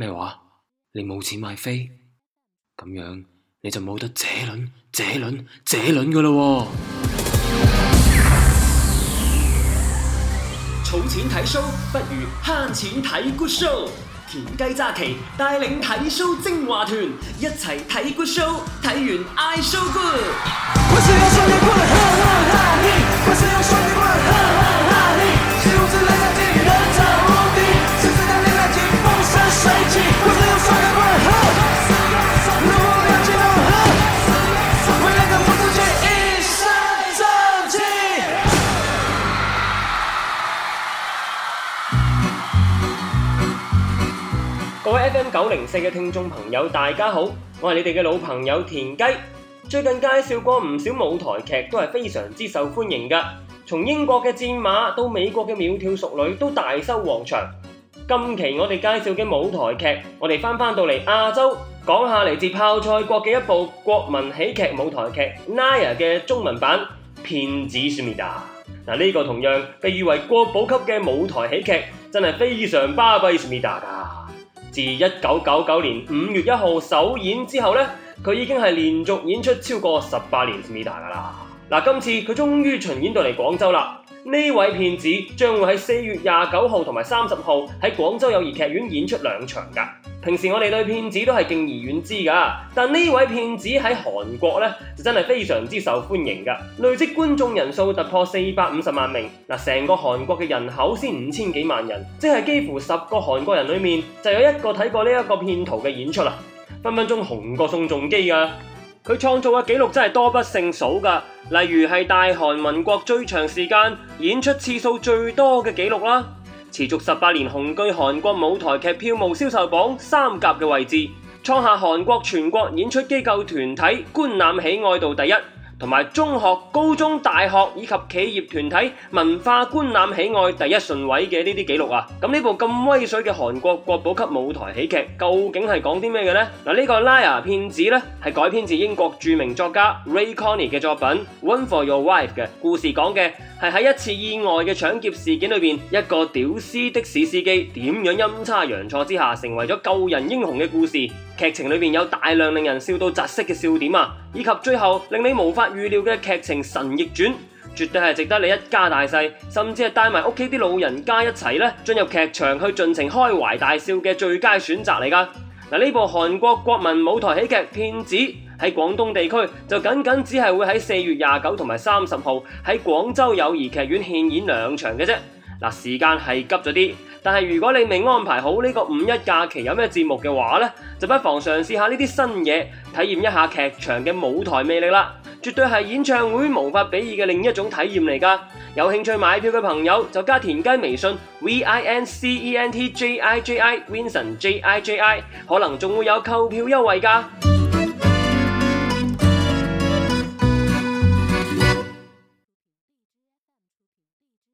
咩話？你冇錢買飛，咁樣你就冇得這輪、這輪、這輪噶啦！儲錢睇 show 不如慳錢睇 good show，田雞揸旗帶領睇 show 精華團，一齊睇 good show，睇完 I show good！各位 FM 九零四嘅聽眾朋友，大家好，我係你哋嘅老朋友田雞。最近介紹過唔少舞台劇，都係非常之受歡迎噶。從英國嘅戰馬到美國嘅窈窕淑女，都大收旺場。今期我哋介紹嘅舞台劇，我哋返返到嚟亞洲，講下嚟自泡菜國嘅一部國民喜劇舞台劇《Nia》嘅中文版《騙子 Smida》。嗱，呢、um 這個同樣被譽為國寶級嘅舞台喜劇，真係非常巴閉 Smida 自一九九九年五月一號首演之後呢，佢已經係連續演出超過十八年了《Smida》噶啦。嗱，今次佢終於巡演到嚟廣州啦。呢位騙子將會喺四月廿九號同埋三十號喺廣州友誼劇院演出兩場噶。平時我哋對騙子都係敬而遠之㗎，但呢位騙子喺韓國呢，就真係非常之受歡迎㗎，累積觀眾人數突破四百五十萬名。嗱，成個韓國嘅人口先五千幾萬人，即係幾乎十個韓國人裏面就有一個睇過呢一個騙徒嘅演出啦，分分鐘紅過宋仲基㗎。佢創造嘅紀錄真係多不勝數㗎，例如係大韓民國最長時間演出次數最多嘅紀錄啦。持續十八年雄踞韓國舞台劇票務銷售榜三甲嘅位置，創下韓國全國演出機構團體觀覽喜愛度第一，同埋中學、高中、大學以及企業團體文化觀覽喜愛第一順位嘅呢啲記錄啊！咁、嗯、呢部咁威水嘅韓國國寶級舞台喜劇，究竟係講啲咩嘅呢？嗱，呢個《Liar》騙子呢，係改編自英國著名作家 Ray Cooney 嘅作品《Run for Your Wife》嘅故事講嘅。係喺一次意外嘅搶劫事件裏面，一個屌絲的士司機點樣陰差陽錯之下成為咗救人英雄嘅故事。劇情裏面有大量令人笑到窒息嘅笑點啊，以及最後令你無法預料嘅劇情神逆轉，絕對係值得你一家大細，甚至係帶埋屋企啲老人家一齊咧進入劇場去盡情開懷大笑嘅最佳選擇嚟㗎。嗱，呢部韓國國民舞台喜劇《騙子》。喺廣東地區就僅僅只係會喺四月廿九同埋三十號喺廣州友誼劇院獻演兩場嘅啫。嗱，時間係急咗啲，但係如果你未安排好呢個五一假期有咩節目嘅話呢，就不妨嘗試下呢啲新嘢，體驗一下劇場嘅舞台魅力啦。絕對係演唱會無法比擬嘅另一種體驗嚟噶。有興趣買票嘅朋友就加田雞微信 V I N C E N T J I J I Vincent J I J I，可能仲會有購票優惠噶。